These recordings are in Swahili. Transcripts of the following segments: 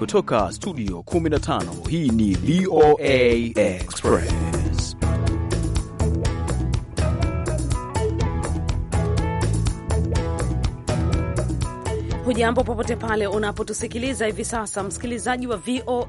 kutoka studio 15 hii ni VOA Express. Hujambo popote pale unapotusikiliza hivi sasa, msikilizaji wa VOA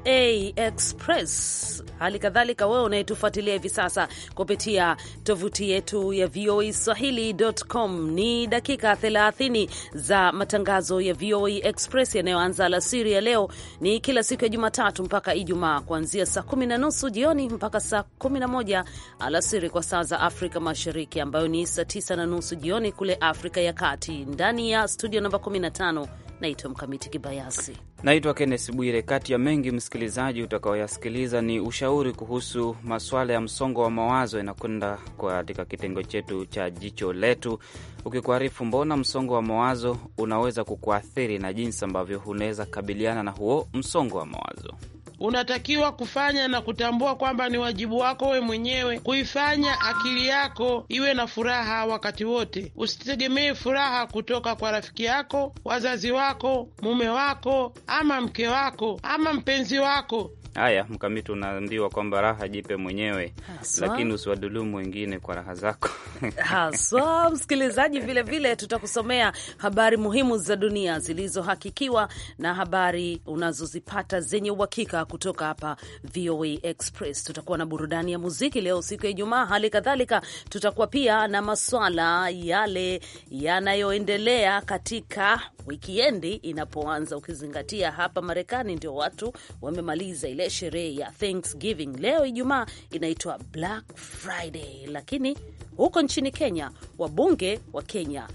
Express hali kadhalika wewe unayetufuatilia hivi sasa kupitia tovuti yetu ya VOA e Swahili.com. Ni dakika 30 za matangazo ya VOA e Express yanayoanza alasiri ya leo, ni kila siku ya Jumatatu mpaka Ijumaa, kuanzia saa kumi na nusu jioni mpaka saa kumi na moja alasiri kwa saa za Afrika Mashariki, ambayo ni saa tisa na nusu jioni kule Afrika ya Kati. Ndani ya studio namba 15 naitwa Mkamiti Kibayasi Naitwa Kennes Bwire. Kati ya mengi msikilizaji utakaoyasikiliza ni ushauri kuhusu maswala ya msongo wa mawazo, inakwenda katika kitengo chetu cha jicho letu, ukikuarifu mbona msongo wa mawazo unaweza kukuathiri na jinsi ambavyo unaweza kabiliana na huo msongo wa mawazo unatakiwa kufanya na kutambua kwamba ni wajibu wako wewe mwenyewe kuifanya akili yako iwe na furaha wakati wote. Usitegemee furaha kutoka kwa rafiki yako, wazazi wako, mume wako, ama mke wako, ama mpenzi wako. Haya, Mkamiti, unaambiwa kwamba raha jipe mwenyewe haswa, lakini usiwadhulumu wengine kwa raha zako haswa. Msikilizaji, vilevile tutakusomea habari muhimu za dunia zilizohakikiwa na habari unazozipata zenye uhakika kutoka hapa VOA Express. Tutakuwa na burudani ya muziki leo siku ya Ijumaa, hali kadhalika tutakuwa pia na maswala yale yanayoendelea katika wikiendi inapoanza, ukizingatia hapa Marekani ndio watu wamemaliza ile sherehe ya Thanksgiving. Leo Ijumaa inaitwa Black Friday, lakini huko nchini Kenya wabunge wa Kenya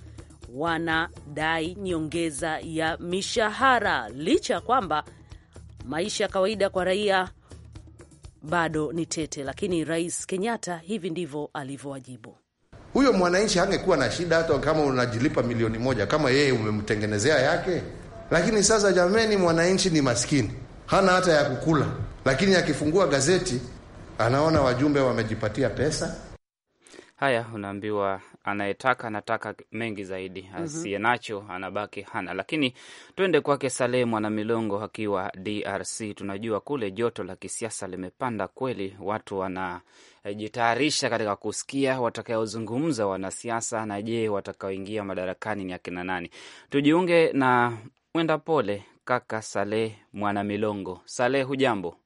wanadai nyongeza ya mishahara licha ya kwamba maisha ya kawaida kwa raia bado ni tete, lakini Rais Kenyatta hivi ndivyo alivyowajibu. Huyo mwananchi angekuwa na shida hata kama unajilipa milioni moja kama yeye umemtengenezea yake. Lakini sasa jameni, mwananchi ni maskini, hana hata ya kukula, lakini akifungua gazeti anaona wajumbe wamejipatia pesa. Haya, unaambiwa anayetaka anataka mengi zaidi, mhm. asiyenacho anabaki hana. Lakini twende kwake Saleh Mwana Milongo akiwa DRC. Tunajua kule joto la kisiasa limepanda kweli, watu wanajitayarisha katika kusikia watakaozungumza wanasiasa, na je, watakaoingia madarakani ni akina nani? Tujiunge na mwenda pole kaka Saleh Mwana Milongo. Saleh, hujambo?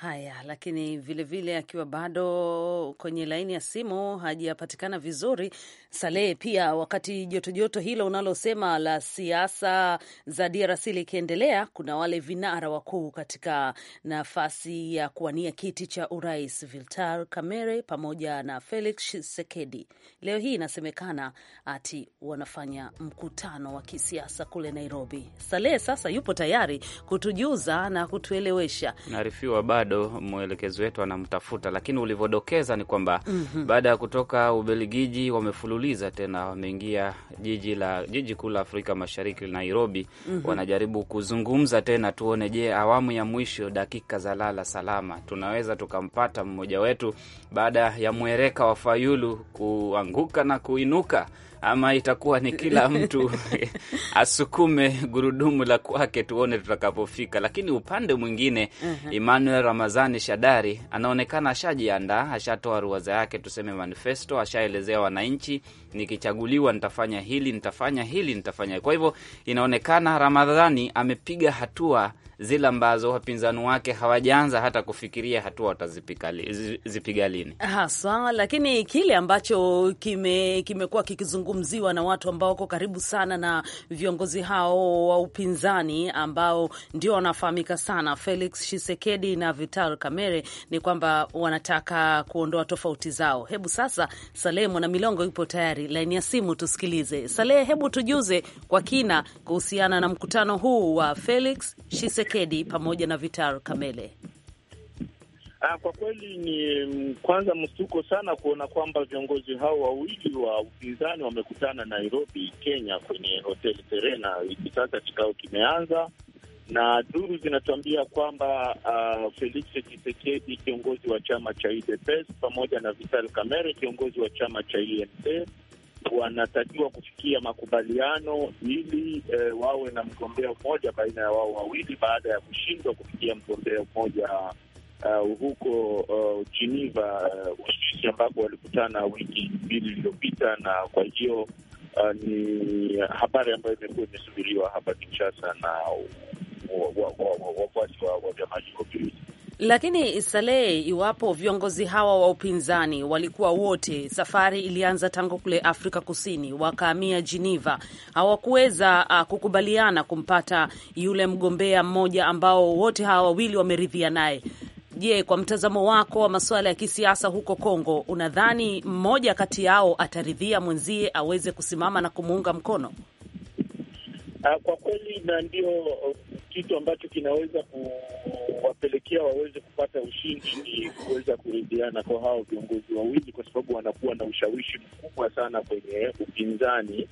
Haya, lakini vilevile akiwa bado kwenye laini ya simu hajapatikana vizuri. Salehe, pia wakati jotojoto joto hilo unalosema la siasa za DRC likiendelea, kuna wale vinara wakuu katika nafasi ya kuwania kiti cha urais, Vital Kamerhe pamoja na Felix Tshisekedi. Leo hii inasemekana ati wanafanya mkutano wa kisiasa kule Nairobi. Salehe sasa yupo tayari kutujuza na kutuelewesha. Naarifiwa bado bado mwelekezi wetu anamtafuta, lakini ulivyodokeza ni kwamba mm -hmm. baada ya kutoka Ubelgiji wamefululiza tena, wameingia jiji la jiji kuu la Afrika Mashariki, Nairobi. mm -hmm. wanajaribu kuzungumza tena, tuone, je, awamu ya mwisho dakika za lala salama tunaweza tukampata mmoja wetu baada ya mwereka wa Fayulu kuanguka na kuinuka ama itakuwa ni kila mtu asukume gurudumu la kwake, tuone tutakapofika. Lakini upande mwingine uh -huh. Emmanuel Ramazani Shadari anaonekana ashajiandaa, ashatoa ruwaza yake, tuseme manifesto, ashaelezea wananchi, nikichaguliwa nitafanya hili, nitafanya hili, nitafanya. Kwa hivyo inaonekana Ramadhani amepiga hatua zile ambazo wapinzani wake hawajaanza hata kufikiria hatua watazipiga lini haswa. Lakini kile ambacho kimekuwa kime kikizungumziwa na watu ambao wako karibu sana na viongozi hao wa upinzani ambao ndio wanafahamika sana, Felix Tshisekedi na Vital Kamerhe, ni kwamba wanataka kuondoa tofauti zao. Hebu sasa, Salehe Mwana Milongo yupo tayari laini ya simu, tusikilize. Salehe, hebu tujuze kwa kina kuhusiana na mkutano huu wa Felix Tshisekedi Chisekedi pamoja na Vitar Kamele? Ah, kwa kweli ni mm, kwanza mshtuko sana kuona kwamba viongozi hao wawili wa upinzani wamekutana Nairobi, Kenya, kwenye hoteli Serena. Hivi sasa kikao kimeanza na duru zinatuambia kwamba uh, Felix Chisekedi kiongozi wa chama cha UDPS pamoja na Vital Kamerhe kiongozi wa chama cha UNC wanatakiwa kufikia makubaliano ili e, wawe na mgombea mmoja baina ya wao wawili, baada ya kushindwa kufikia mgombea mmoja uh, huko Geneva Uswisi uh, ambapo walikutana wiki mbili iliyopita, na kwa hiyo uh, ni habari ambayo imekuwa imesubiriwa hapa Kinshasa na wafuasi wa vyama hivyo viwili. Lakini Salehe, iwapo viongozi hawa wa upinzani walikuwa wote, safari ilianza tangu kule Afrika Kusini, wakahamia Geneva, hawakuweza uh, kukubaliana kumpata yule mgombea mmoja ambao wote hawa wawili wameridhia naye. Je, kwa mtazamo wako wa masuala ya kisiasa huko Kongo, unadhani mmoja kati yao ataridhia mwenzie aweze kusimama na kumuunga mkono? Ah, kwa kweli, na ndio kitu ambacho kinaweza kuwapelekea waweze kupata ushindi ni kuweza kuridhiana kwa hao viongozi wawili, kwa sababu wanakuwa na ushawishi mkubwa sana kwenye upinzani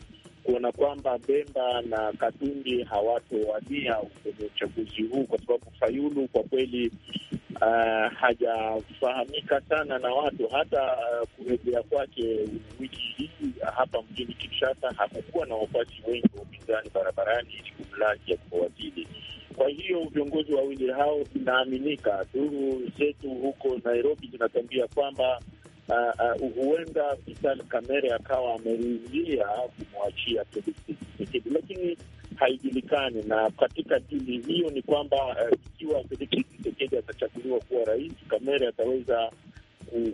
kuona kwamba Bemba na Katumbi hawatowania kwenye uchaguzi huu, kwa sababu Fayulu kwa kweli uh, hajafahamika sana na watu. Hata uh, kurejea kwake wiki hii uh, hapa mjini Kinshasa hakukuwa na wafuasi wengi wa upinzani barabarani ili kumlaki ya kuwazili. Kwa hiyo viongozi wawili hao inaaminika, duru zetu huko Nairobi zinatambia kwamba uh, uh, huenda Vital Kamerhe akawa ameridhia kumwachia Tshisekedi, lakini haijulikani. Na katika dili hiyo ni kwamba uh, ikiwa uh, Felix Tshisekedi atachaguliwa kuwa rais, Kamerhe ataweza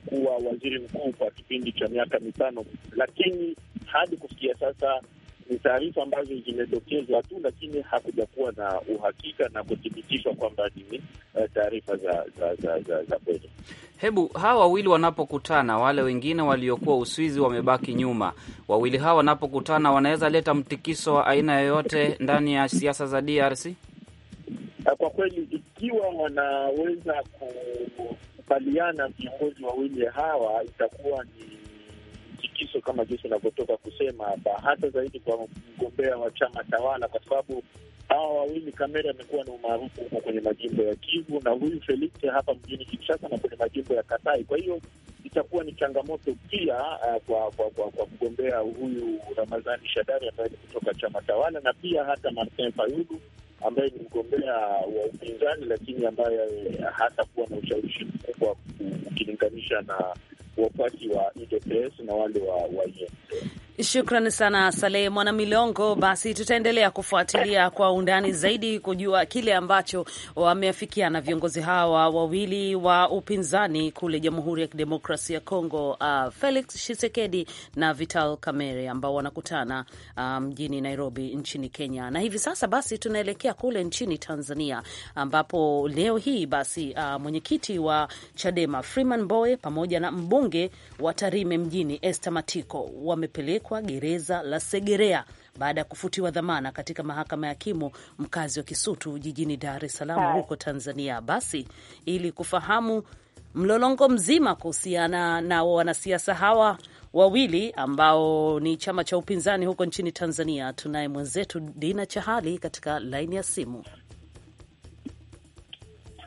kuwa waziri mkuu kwa kipindi cha miaka mitano, lakini hadi kufikia sasa ni taarifa ambazo zimedokezwa tu, lakini hakujakuwa na uhakika na kuthibitishwa kwamba ni eh, taarifa za za za, za, za kweli. Hebu hawa wawili wanapokutana, wale wengine waliokuwa Uswizi wamebaki nyuma. Wawili hawa wanapokutana, wanaweza leta mtikiso wa aina yoyote ndani ya siasa za DRC. Ah, kwa kweli, ikiwa wanaweza kukubaliana viongozi wawili hawa, itakuwa ni mchiso kama jinsi inavyotoka kusema hapa, hata zaidi kwa mgombea wa chama tawala, kwa sababu hawa wawili Kamere amekuwa na umaarufu huko kwenye majimbo ya Kivu na huyu Felix hapa mjini Kinshasa na kwenye majimbo ya Kasai. Kwa hiyo itakuwa ni changamoto pia uh, kwa, kwa, kwa, kwa mgombea huyu Ramadhani Shadari ambaye ni kutoka chama tawala na pia hata Martin Fayulu ambaye ni mgombea wa upinzani, lakini ambaye hatakuwa na ushawishi mkubwa ukilinganisha na wafuasi wa UDPS na wale wa, wa Shukran sana Saleh milongo Basi tutaendelea kufuatilia kwa undani zaidi kujua kile ambacho wameafikiana viongozi hawa wawili wa upinzani kule Jamhuri ya Kidemokrasia ya Kongo, uh, Felix Tshisekedi na Vital Kamerhe ambao wanakutana uh, mjini um, Nairobi nchini Kenya. Na hivi sasa basi tunaelekea kule nchini Tanzania ambapo leo hii basi uh, mwenyekiti wa Chadema Freeman Mbowe pamoja na mbunge wa Tarime mjini Esther Matiko wamepelekwa kupelekwa gereza la Segerea baada ya kufutiwa dhamana katika mahakama ya kimo mkazi wa Kisutu jijini Dar es Salaam huko Tanzania. Basi ili kufahamu mlolongo mzima kuhusiana na wanasiasa hawa wawili ambao ni chama cha upinzani huko nchini Tanzania, tunaye mwenzetu Dina Chahali katika laini ya simu.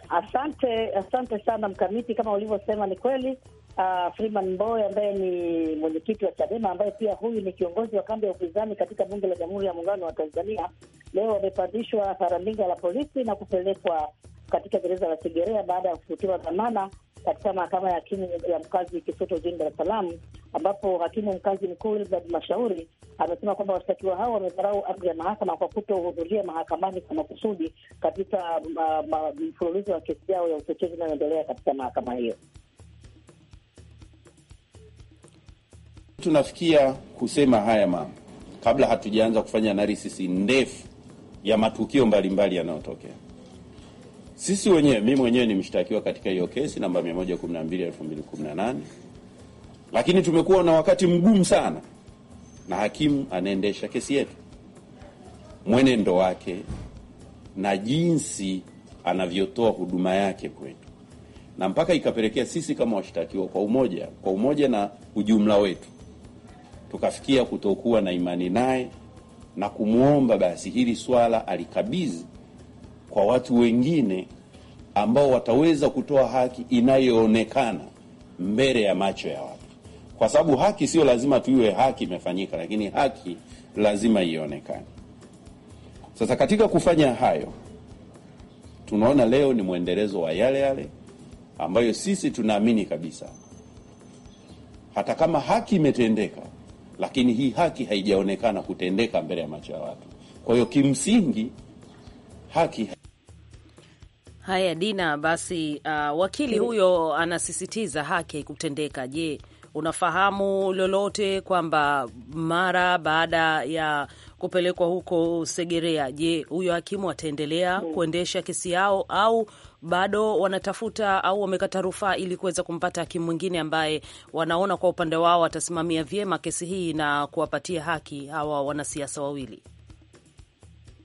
Asante, asante sana Mkamiti. Kama ulivyosema, ni kweli uh, Freeman Mbowe ambaye ni mwenyekiti wa Chadema ambaye pia huyu ni kiongozi wa kambi ya upinzani katika bunge la Jamhuri ya Muungano wa Tanzania, leo wamepandishwa haraminga la polisi na kupelekwa katika gereza la Segerea baada ya kufutiwa dhamana katika mahakama ya hakimu ya mkazi Kisutu jijini Dar es Salaam, ambapo hakimu mkazi mkuu Wilbrad Mashauri amesema kwamba washtakiwa hao wamedharau amri ya mahakama kwa kutohudhuria mahakamani kwa makusudi katika ah, mfululizo wa kesi yao ya uchochezi inayoendelea katika mahakama hiyo. Tunafikia kusema haya mambo kabla hatujaanza kufanya analysis ndefu ya matukio mbalimbali yanayotokea. Sisi wenyewe, mimi mwenyewe ni mshtakiwa katika hiyo kesi namba 112 2018, lakini tumekuwa na wakati mgumu sana na hakimu anaendesha kesi yetu, mwenendo wake na jinsi anavyotoa huduma yake kwetu, na mpaka ikapelekea sisi kama washtakiwa kwa umoja kwa umoja na ujumla wetu tukafikia kutokuwa na imani naye na kumwomba basi hili swala alikabidhi kwa watu wengine ambao wataweza kutoa haki inayoonekana mbele ya macho ya watu, kwa sababu haki sio lazima tuiwe haki imefanyika, lakini haki lazima ionekane. Sasa katika kufanya hayo, tunaona leo ni mwendelezo wa yale yale ambayo sisi tunaamini kabisa, hata kama haki imetendeka lakini hii haki haijaonekana kutendeka mbele ya macho ya watu. Kwa hiyo kimsingi haki haya, Dina, basi uh, wakili huyo anasisitiza haki haikutendeka. Je, unafahamu lolote kwamba mara baada ya kupelekwa huko Segerea, je, huyo hakimu ataendelea mm. kuendesha kesi yao au bado wanatafuta au wamekata rufaa ili kuweza kumpata hakimu mwingine ambaye wanaona kwa upande wao watasimamia vyema kesi hii na kuwapatia haki hawa wanasiasa wawili?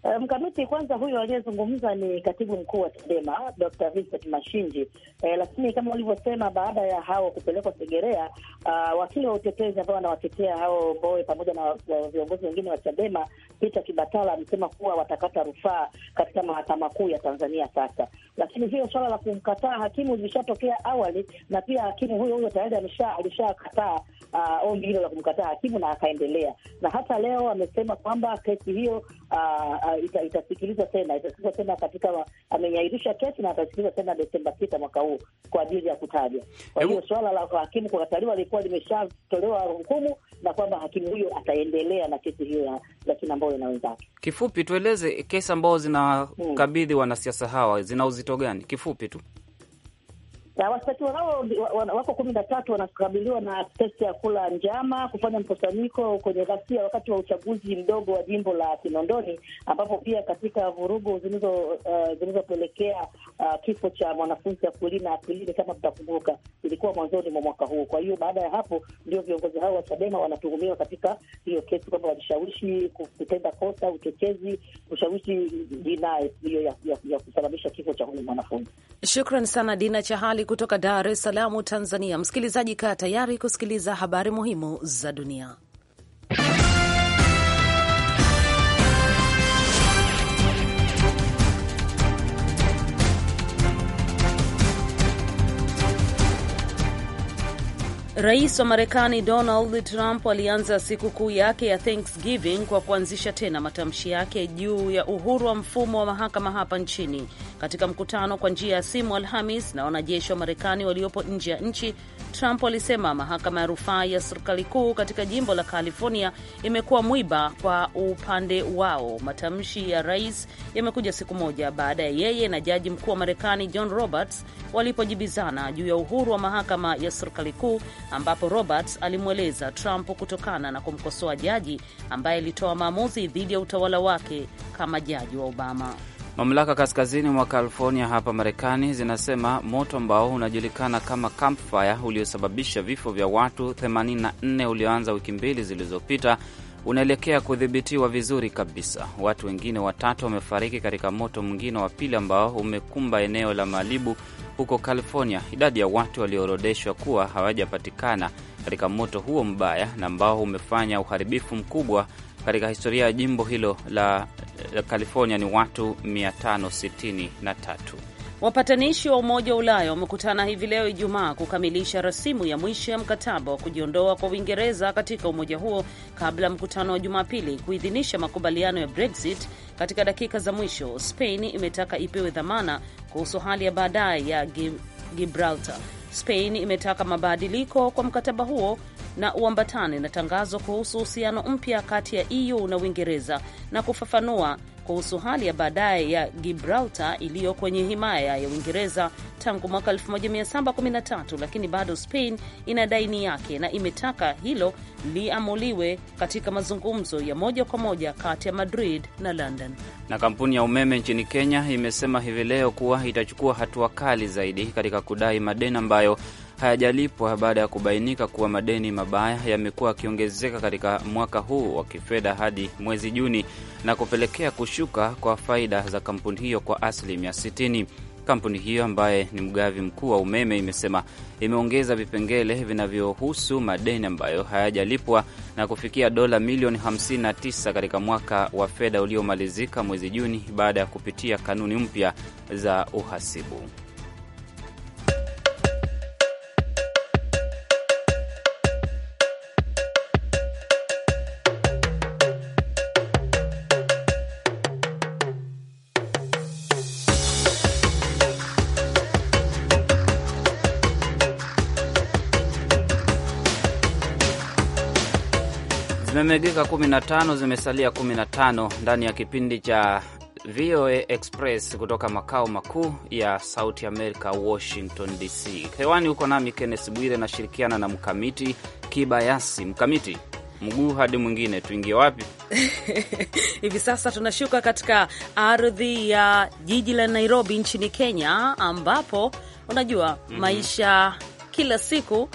Eh, mkamiti, um, kwanza huyo aliyezungumza ni katibu mkuu wa Chadema Dr. Vincent Mashinji. Eh, lakini kama ulivyosema, baada ya hao kupelekwa Segerea, uh, wakili wa utetezi ambao wanawatetea hao Mbowe pamoja na viongozi wengine wa Chadema, Peter Kibatala amesema kuwa watakata rufaa katika mahakama kuu ya Tanzania sasa. Lakini hiyo swala la kumkataa hakimu lilishatokea awali, na pia hakimu huyo huyo tayari alishakataa uh, ombi hilo la kumkataa hakimu na akaendelea, na hata leo amesema kwamba kesi hiyo uh, ita, itasikilizwa tena itasikilizwa tena katika, amenyairisha kesi na atasikilizwa tena Desemba sita mwaka huu kwa ajili ya kutajwa. Kwa hiyo suala la hakimu kukataliwa lilikuwa limeshatolewa hukumu na kwamba hakimu huyo ataendelea na kesi hiyo ya lakini ambayo na wenzake. Kifupi tueleze kesi ambazo zinakabidhi hmm, wanasiasa hawa zina uzito gani? Kifupi tu na eh, washtakiwa hao wako kumi na tatu wanakabiliwa na kesi ya kula njama, kufanya mkusanyiko kwenye ghasia wakati wa uchaguzi mdogo wa jimbo la Kinondoni, ambapo pia katika vurugu eh, zilizopelekea uh, uh, kifo cha mwanafunzi Akwilina Akwilini, kama mtakumbuka, ilikuwa mwanzoni mwa mwaka huu. Kwa hiyo baada ya hapo ndio viongozi hao wa Chadema wanatuhumiwa katika hiyo kesi kwamba walishawishi kutenda kosa, uchochezi, kushawishi jinai hiyo ya, ya, ya kusababisha kifo cha huyu mwanafunzi. Shukran sana Dina Chahali kutoka Dar es Salaam, Tanzania. Msikilizaji, kaa tayari kusikiliza habari muhimu za dunia. Rais wa Marekani Donald Trump alianza sikukuu yake ya Thanksgiving kwa kuanzisha tena matamshi yake juu ya uhuru wa mfumo wa mahakama hapa nchini katika mkutano kwa njia ya simu Alhamis na wanajeshi wa Marekani waliopo nje ya nchi. Trump alisema mahakama ya rufaa ya serikali kuu katika jimbo la California imekuwa mwiba kwa upande wao. Matamshi ya rais yamekuja siku moja baada ya yeye na jaji mkuu wa Marekani John Roberts walipojibizana juu ya uhuru wa mahakama ya serikali kuu ambapo Roberts alimweleza Trump kutokana na kumkosoa jaji ambaye alitoa maamuzi dhidi ya utawala wake kama jaji wa Obama. Mamlaka kaskazini mwa California hapa Marekani zinasema moto ambao unajulikana kama campfire uliosababisha vifo vya watu 84 ulioanza wiki mbili zilizopita unaelekea kudhibitiwa vizuri kabisa. Watu wengine watatu wamefariki katika moto mwingine wa pili ambao umekumba eneo la Malibu huko California, idadi ya watu walioorodeshwa kuwa hawajapatikana katika moto huo mbaya na ambao umefanya uharibifu mkubwa katika historia ya jimbo hilo la California ni watu 563. Wapatanishi wa Umoja wa Ulaya wamekutana hivi leo Ijumaa kukamilisha rasimu ya mwisho ya mkataba wa kujiondoa kwa Uingereza katika umoja huo kabla ya mkutano wa Jumapili kuidhinisha makubaliano ya Brexit. Katika dakika za mwisho, Spain imetaka ipewe dhamana kuhusu hali ya baadaye ya Gibraltar. Spain imetaka mabadiliko kwa mkataba huo na uambatane na tangazo kuhusu uhusiano mpya kati ya EU na Uingereza na kufafanua kuhusu hali ya baadaye ya Gibraltar iliyo kwenye himaya ya Uingereza tangu mwaka 1713 lakini bado Spain ina daini yake na imetaka hilo liamuliwe katika mazungumzo ya moja kwa moja kati ya Madrid na London. Na kampuni ya umeme nchini Kenya imesema hivi leo kuwa itachukua hatua kali zaidi katika kudai madeni ambayo hayajalipwa baada ya kubainika kuwa madeni mabaya yamekuwa yakiongezeka katika mwaka huu wa kifedha hadi mwezi Juni na kupelekea kushuka kwa faida za kampuni hiyo kwa asilimia 60. Kampuni hiyo ambaye ni mgavi mkuu wa umeme imesema imeongeza vipengele vinavyohusu madeni ambayo hayajalipwa na kufikia dola milioni 59 katika mwaka wa fedha uliomalizika mwezi Juni baada ya kupitia kanuni mpya za uhasibu. zimemegeka 15, zimesalia 15 ndani ya kipindi cha VOA Express kutoka makao makuu ya Sauti Amerika, Washington DC. Hewani huko nami kennes Bwire nashirikiana na Mkamiti Kibayasi. Mkamiti, mguu hadi mwingine, tuingie wapi hivi sasa? Tunashuka katika ardhi ya jiji la Nairobi nchini Kenya, ambapo unajua mm -hmm. maisha kila siku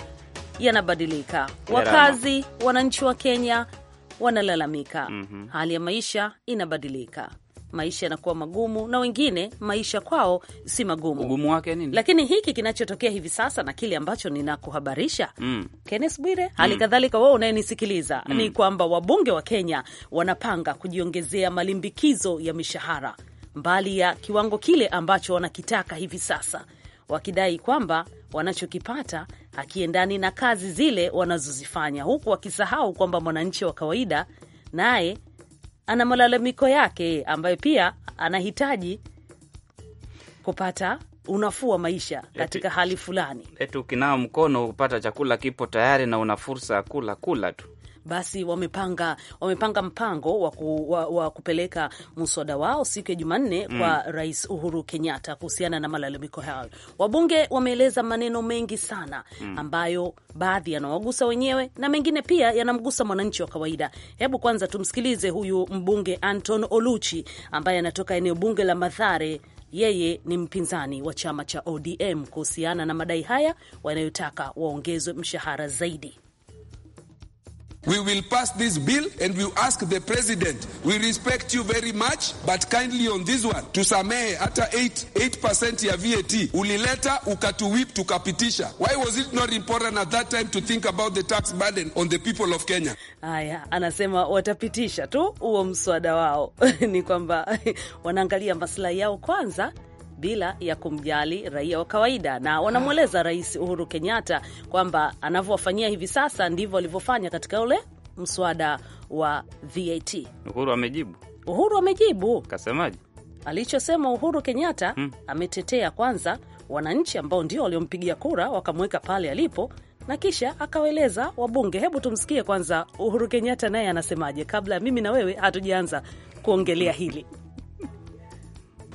yanabadilika. Wakazi wananchi wa Kenya wanalalamika, mm -hmm. hali ya maisha inabadilika, maisha yanakuwa magumu, na wengine maisha kwao si magumu. Ugumu wake nini? Lakini hiki kinachotokea hivi sasa na kile ambacho ninakuhabarisha mm. Kenneth Bwire, mm. hali kadhalika mm. wewe unayenisikiliza mm. ni kwamba wabunge wa Kenya wanapanga kujiongezea malimbikizo ya mishahara mbali ya kiwango kile ambacho wanakitaka hivi sasa wakidai kwamba wanachokipata hakiendani na kazi zile wanazozifanya, huku wakisahau kwamba mwananchi wa kawaida naye ana malalamiko yake ambayo pia anahitaji kupata unafuu wa maisha katika eti hali fulani. Eti mkono upata chakula kipo tayari na una fursa ya kula kula tu basi wamepanga wamepanga mpango wa, ku, wa, wa kupeleka mswada wao siku ya Jumanne mm. kwa Rais Uhuru Kenyatta kuhusiana na malalamiko hayo. Wabunge wameeleza maneno mengi sana mm. ambayo baadhi yanawagusa wenyewe na mengine pia yanamgusa mwananchi wa kawaida. Hebu kwanza tumsikilize huyu mbunge Anton Oluchi ambaye anatoka eneo bunge la Mathare. Yeye ni mpinzani wa chama cha ODM kuhusiana na madai haya wanayotaka waongezwe mshahara zaidi. We will pass this bill and we ask the president, we respect you very much, but kindly on this one, tusamehe hata 8, 8% ya VAT ulileta ukatuwip tukapitisha. Why was it not important at that time to think about the tax burden on the people of Kenya? aya anasema watapitisha tu huo mswada wao. Ni kwamba wanaangalia maslahi yao kwanza bila ya kumjali raia wa kawaida, na wanamweleza Rais Uhuru Kenyatta kwamba anavyowafanyia hivi sasa ndivyo alivyofanya katika ule mswada wa VAT. Uhuru amejibu, Uhuru amejibu, kasemaje? Alichosema Uhuru Kenyatta hmm, ametetea kwanza wananchi ambao ndio waliompigia kura wakamweka pale alipo na kisha akawaeleza wabunge. Hebu tumsikie kwanza Uhuru Kenyatta naye anasemaje, kabla mimi na wewe hatujaanza kuongelea hili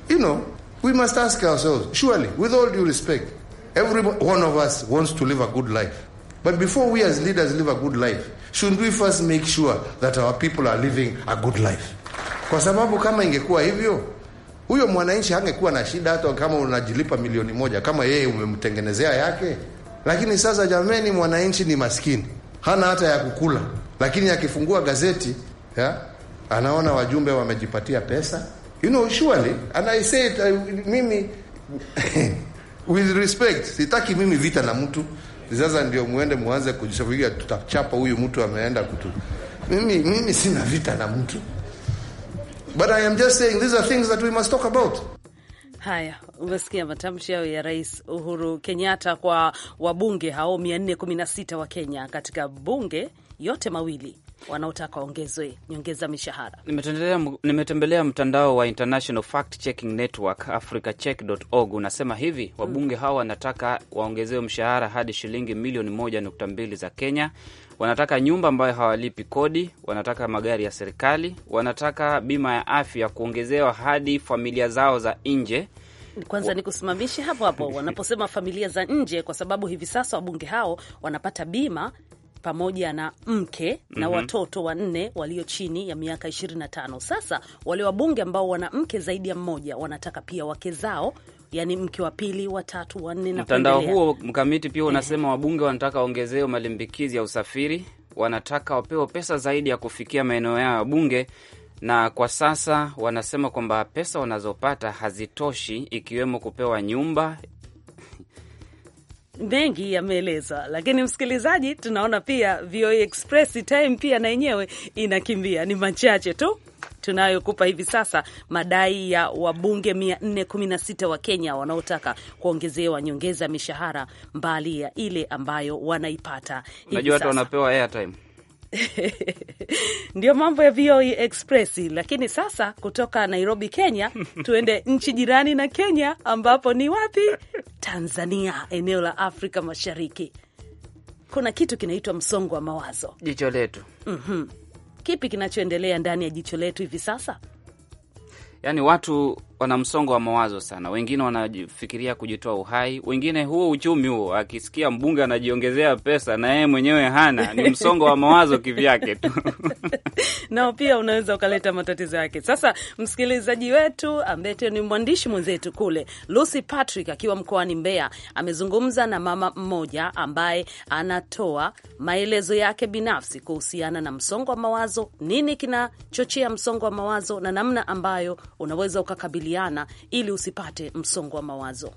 you know, we must ask ourselves, surely, with all due respect, every one of us wants to live a good life. But before we as leaders live a good life, shouldn't we first make sure that our people are living a good life? Kwa sababu kama ingekuwa hivyo, huyo mwananchi hangekuwa na shida hata kama unajilipa milioni moja kama yeye umemtengenezea yake. Lakini sasa jameni, mwananchi ni maskini, hana hata ya kukula, lakini akifungua gazeti ya, anaona wajumbe wamejipatia pesa You know, surely, and I say it, uh, mimi with respect, sitaki mimi vita na mtu sasa ndio muende muanze kujishabikia tutachapa huyu mtu ameenda kutu. Mimi mimi sina vita na mtu. But I am just saying these are things that we must talk about. Haya, umesikia matamshi yao ya Rais Uhuru Kenyatta kwa wabunge hao 416 wa Kenya katika bunge yote mawili wanaotaka waongezwe nyongeza mishahara. Nimetembelea mtandao wa International Fact Checking Network, africacheck.org, unasema hivi wabunge mm. hawa wanataka waongezewe mshahara hadi shilingi milioni moja nukta mbili za Kenya. Wanataka nyumba ambayo hawalipi kodi, wanataka magari ya serikali, wanataka bima ya afya kuongezewa hadi familia zao za nje kwanza kusimamishe hapo hapo wanaposema familia za nje, kwa sababu hivi sasa wabunge hao wanapata bima pamoja na mke na mm -hmm. watoto wanne walio chini ya miaka 25. Sasa wale wabunge ambao wana mke zaidi ya mmoja wanataka pia wake zao yani mke wa pili, wa tatu, wa nne na mtandao huo mkamiti pia eh. unasema yeah. Wabunge wanataka waongezee malimbikizi ya usafiri, wanataka wapewe pesa zaidi ya kufikia maeneo yao ya bunge, na kwa sasa wanasema kwamba pesa wanazopata hazitoshi, ikiwemo kupewa nyumba mengi yameelezwa, lakini msikilizaji, tunaona pia VOA Express time pia na yenyewe inakimbia. Ni machache tu tunayokupa hivi sasa. Madai ya wabunge 416 wa Kenya wanaotaka kuongezewa nyongeza mishahara mbali ya ile ambayo wanaipata hivi sasa. Najua hata wanapewa airtime ndio mambo ya VOA e Express. Lakini sasa kutoka Nairobi, Kenya, tuende nchi jirani na Kenya, ambapo ni wapi? Tanzania, eneo la Afrika Mashariki. Kuna kitu kinaitwa msongo wa mawazo, jicho letu. mm -hmm. Kipi kinachoendelea ndani ya jicho letu hivi sasa? Yaani watu wana msongo wa mawazo sana, wengine wanafikiria kujitoa uhai, wengine huo uchumi huo, akisikia mbunge anajiongezea pesa na yeye mwenyewe hana, ni msongo wa mawazo kivyake tu nao pia unaweza ukaleta matatizo yake. Sasa msikilizaji wetu ambaye ni mwandishi mwenzetu kule Lucy Patrick akiwa mkoani Mbeya amezungumza na mama mmoja ambaye anatoa maelezo yake binafsi kuhusiana na msongo wa mawazo, nini kinachochea msongo wa mawazo na namna ambayo unaweza ukakabili kukabiliana ili usipate msongo wa mawazo?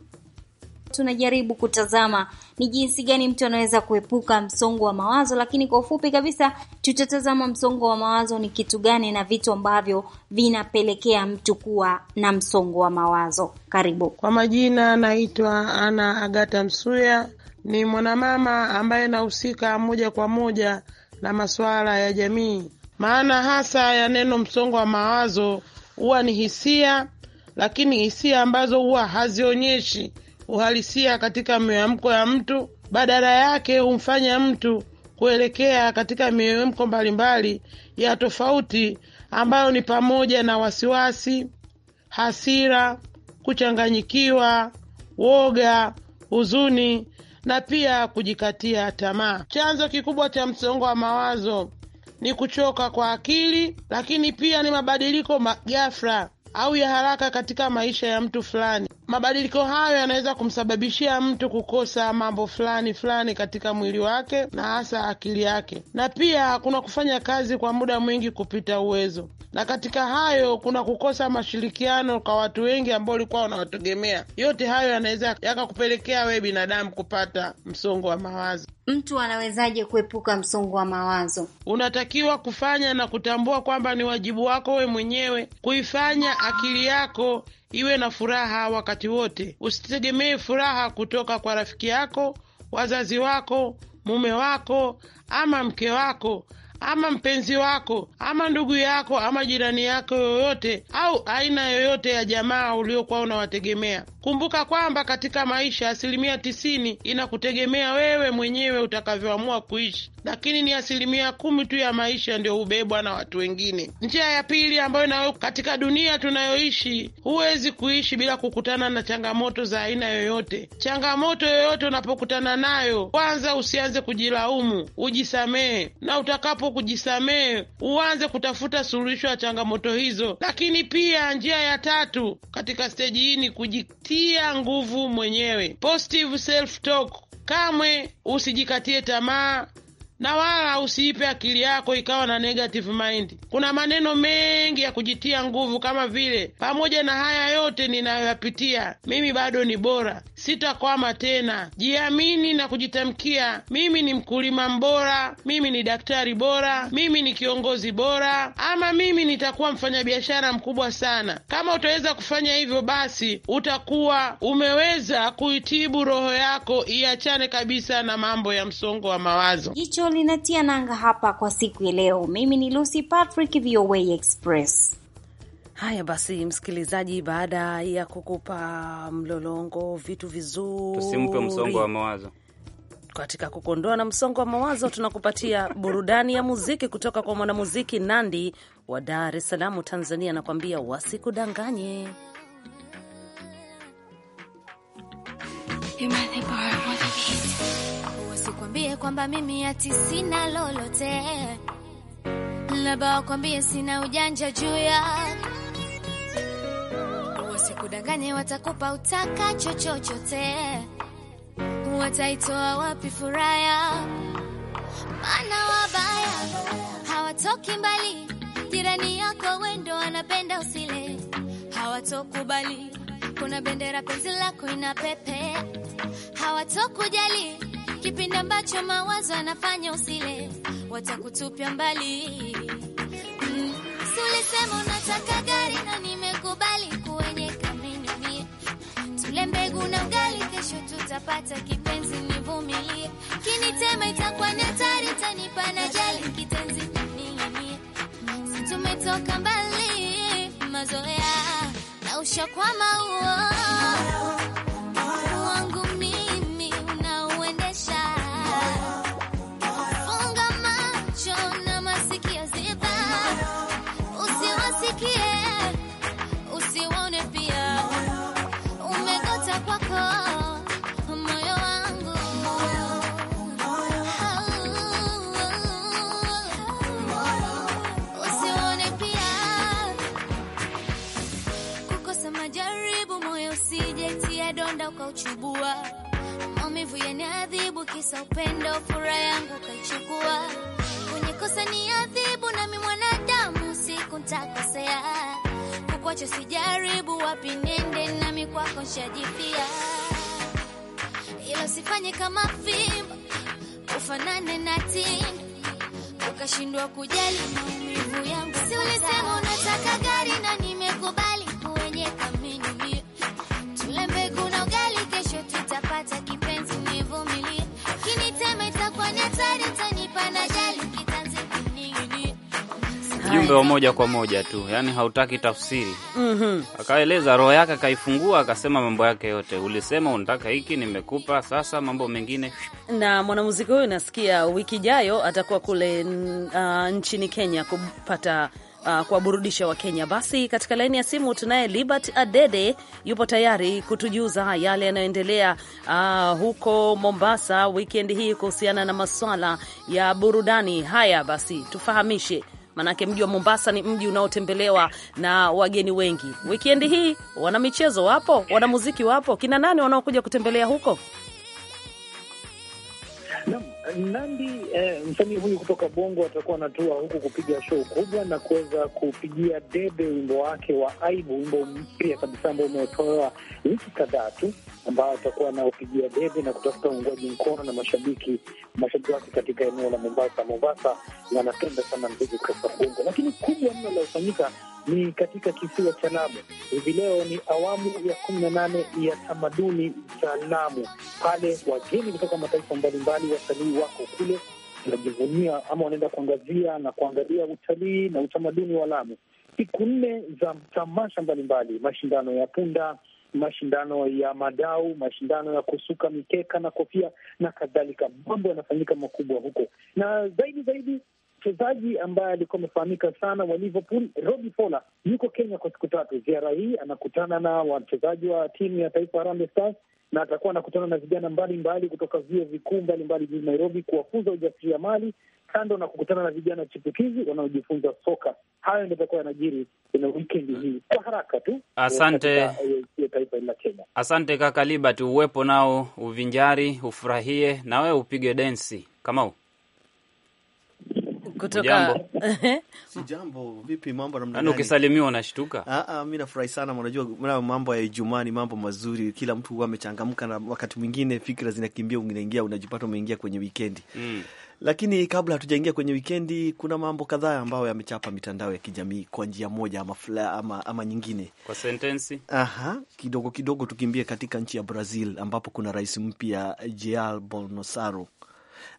Tunajaribu kutazama ni jinsi gani mtu anaweza kuepuka msongo wa mawazo, lakini kwa ufupi kabisa tutatazama msongo wa mawazo ni kitu gani na vitu ambavyo vinapelekea mtu kuwa na msongo wa mawazo. Karibu. Kwa majina, naitwa Ana Agata Msuya, ni mwanamama ambaye nahusika moja kwa moja na masuala ya jamii. Maana hasa ya neno msongo wa mawazo huwa ni hisia lakini hisia ambazo huwa hazionyeshi uhalisia katika miamko ya mtu, badala yake humfanya mtu kuelekea katika miamko mbalimbali ya tofauti ambayo ni pamoja na wasiwasi, hasira, kuchanganyikiwa, woga, huzuni na pia kujikatia tamaa. Chanzo kikubwa cha msongo wa mawazo ni kuchoka kwa akili, lakini pia ni mabadiliko ghafla au ya haraka katika maisha ya mtu fulani. Mabadiliko hayo yanaweza kumsababishia mtu kukosa mambo fulani fulani katika mwili wake na hasa akili yake, na pia kuna kufanya kazi kwa muda mwingi kupita uwezo, na katika hayo kuna kukosa mashirikiano kwa watu wengi ambao ulikuwa unawategemea. Yote hayo yanaweza yakakupelekea wewe binadamu kupata msongo wa mawazo. Mtu anawezaje kuepuka msongo wa mawazo? Unatakiwa kufanya na kutambua kwamba ni wajibu wako wewe mwenyewe kuifanya akili yako iwe na furaha wakati wote. Usitegemee furaha kutoka kwa rafiki yako, wazazi wako, mume wako ama mke wako ama mpenzi wako ama ndugu yako ama jirani yako yoyote au aina yoyote ya jamaa uliokuwa unawategemea. Kumbuka kwamba katika maisha asilimia tisini inakutegemea wewe mwenyewe utakavyoamua kuishi lakini ni asilimia kumi tu ya maisha ndio hubebwa na watu wengine. Njia ya pili ambayo nayo, katika dunia tunayoishi, huwezi kuishi bila kukutana na changamoto za aina yoyote. Changamoto yoyote unapokutana nayo, kwanza usianze kujilaumu, ujisamehe, na utakapo kujisamehe uanze kutafuta suluhisho ya changamoto hizo. Lakini pia njia ya tatu katika steji hii ni kujitia nguvu mwenyewe, positive self talk. Kamwe usijikatie tamaa na wala usiipe akili yako ikawa na negative mind. Kuna maneno mengi ya kujitia nguvu, kama vile pamoja na haya yote ninayoyapitia, mimi bado ni bora, sitakwama tena. Jiamini na kujitamkia, mimi ni mkulima mbora, mimi ni daktari bora, mimi ni kiongozi bora, ama mimi nitakuwa mfanyabiashara mkubwa sana. Kama utaweza kufanya hivyo, basi utakuwa umeweza kuitibu roho yako iachane kabisa na mambo ya msongo wa mawazo Jicho linatia nanga hapa kwa siku ya leo. Mimi ni Lucy Patrick, VOA Express. Haya basi, msikilizaji, baada ya kukupa mlolongo vitu vizuri, tusimpe msongo wa mawazo katika kukondoa na msongo wa mawazo, tunakupatia burudani ya muziki kutoka kwa mwanamuziki Nandi wa Dar es Salaam, Tanzania. Anakuambia wasikudanganye. Usikwambie kwamba mimi ati sina lolote, labda wakwambie sina ujanja juu ya usikudanganye, watakupa utaka chochote, wataitoa wapi furaya? Maana wabaya hawatoki mbali, jirani yako wendo anapenda usile, hawatokubali kuna bendera penzi lako inapepe, hawatokujali kipindi ambacho mawazo anafanya usile, watakutupia mbali. Mm, si unataka gari na nimekubali kuenyeka mie, tule mbegu na ugali, kesho tutapata kipenzi, nivumilie, kinitema itakuwa ni hatari, tanipa na jali kitenzi niinie, si tumetoka mbali, mazoea na ushakwama huo upendo, fura yangu kaichukua, kunikosa ni adhibu, nami mwanadamu ntakosea kukwacha sijaribu, wapi nende, nami kwako nshajipia, ila sifanye kama fimbo ufanane na tindo, ukashindwa kujali maumivu yangu. Si ulisema unataka gari na nimekubali ujumbe wa moja kwa moja tu, yani hautaki tafsiri mm -hmm. Akaeleza roho yake, akaifungua, akasema mambo yake yote. Ulisema unataka hiki, nimekupa sasa, mambo mengine. Na mwanamuziki huyu nasikia wiki ijayo atakuwa kule uh, nchini Kenya kupata Uh, kuwaburudisha kenya Basi katika laini ya simu tunaye Libert Adede, yupo tayari kutujuza yale yanayoendelea uh, huko Mombasa wikendi hii kuhusiana na maswala ya burudani. Haya basi, tufahamishe Manake mji wa Mombasa ni mji unaotembelewa na wageni wengi. Wikendi hii wana michezo wapo, wana muziki wapo. Kina nani wanaokuja kutembelea huko? Naam, Nandi eh, msanii huyu kutoka Bongo atakuwa anatua huku kupiga show kubwa na kuweza kupigia debe wimbo wake wa aibu, wimbo mpya kabisa ambao umetolewa wiki kadhaa tu, ambao atakuwa anaopigia debe na kutafuta uungwaji mkono na mashabiki mashabiki wake katika eneo la Mombasa. Mombasa wanapenda sana mziki kutoka Bongo, lakini kubwa mno laofanyika ni katika kisiwa cha Lamu. Hivi leo ni awamu ya kumi na nane ya tamaduni za Lamu, pale wageni kutoka mataifa mbalimbali, watalii wako kule wanajivunia ama wanaenda kuangazia na kuangalia utalii na utamaduni wa Lamu. Siku nne za tamasha mbalimbali, mashindano ya punda, mashindano ya madau, mashindano ya kusuka mikeka na kofia na kadhalika. Mambo yanafanyika makubwa huko, na zaidi zaidi mchezaji ambaye alikuwa amefahamika sana wa Liverpool, Robi Fowler yuko Kenya kwa siku tatu. Ziara hii anakutana na wachezaji wa timu ya taifa Harambee Stars na atakuwa anakutana na vijana mbalimbali kutoka vyuo vikuu mbalimbali jijini Nairobi kuwafunza ujasiriamali, kando na kukutana na vijana chipukizi wanaojifunza soka. Hayo ndio atakuwa yanajiri kwenye wikendi hii kwa haraka tu. Asante eh, taifa la Kenya. Asante kaka Libert, uwepo nao uvinjari, ufurahie na wewe upige densi kama u kutoka si jambo vipi, mambo namna yaani gani? Ukisalimiwa unashtuka. Ah ah, mimi nafurahi sana, unajua mambo ya Ijumaa ni mambo mazuri, kila mtu huwa amechangamka, na wakati mwingine fikra zinakimbia, unaingia unajipata umeingia kwenye wikendi mm. Lakini kabla hatujaingia kwenye wikendi, kuna mambo kadhaa ambayo yamechapa mitandao ya kijamii kwa njia moja ama, fla, ama, ama nyingine kwa sentensi. Aha, kidogo kidogo tukimbie katika nchi ya Brazil ambapo kuna rais mpya Jair Bolsonaro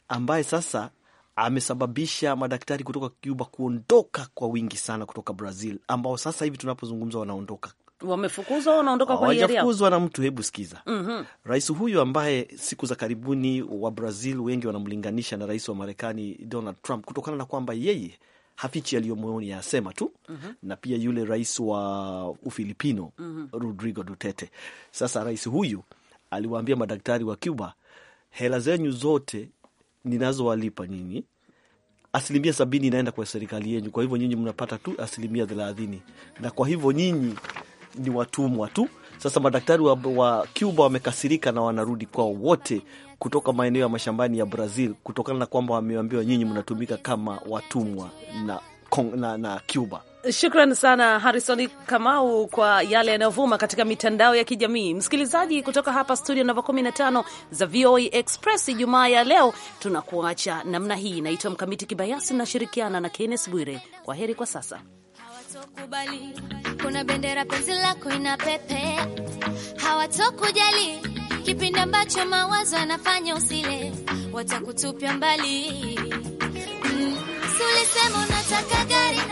ambaye sasa amesababisha madaktari kutoka Cuba kuondoka kwa wingi sana kutoka Brazil, ambao sasa hivi tunapozungumza wanaondoka wamefukuzwa wanaondoka kwa hiari, na mtu. Hebu sikiza. mm -hmm. Rais huyu ambaye siku za karibuni wa Brazil wengi wanamlinganisha na rais wa Marekani Donald Trump kutokana na kwamba yeye hafichi aliyo moyoni, yasema tu. mm -hmm. na pia yule rais wa Ufilipino mm -hmm. Rodrigo Duterte. Sasa rais huyu aliwaambia madaktari wa Cuba, hela zenyu zote ninazowalipa nyinyi asilimia sabini inaenda kwa serikali yenyu Kwa hivyo nyinyi mnapata tu asilimia thelathini, na kwa hivyo nyinyi ni watumwa tu. Sasa madaktari wa, wa Cuba wamekasirika na wanarudi kwao wote kutoka maeneo ya mashambani ya Brazil kutokana na kwamba wameambiwa nyinyi mnatumika kama watumwa na, na, na Cuba. Shukran sana Harison Kamau kwa yale yanayovuma katika mitandao ya kijamii. Msikilizaji kutoka hapa studio namba 15 za VOA Express, Ijumaa ya leo tunakuacha namna hii. Naitwa Mkamiti Kibayasi, nashirikiana na Kennes Bwire. Kwa heri kwa sasa. Hawatokubali, kuna bendera penzi lako Hawatokujali kipindi ambacho mawazo usile, watakutupia mbali. Mm, sulisema unataka gari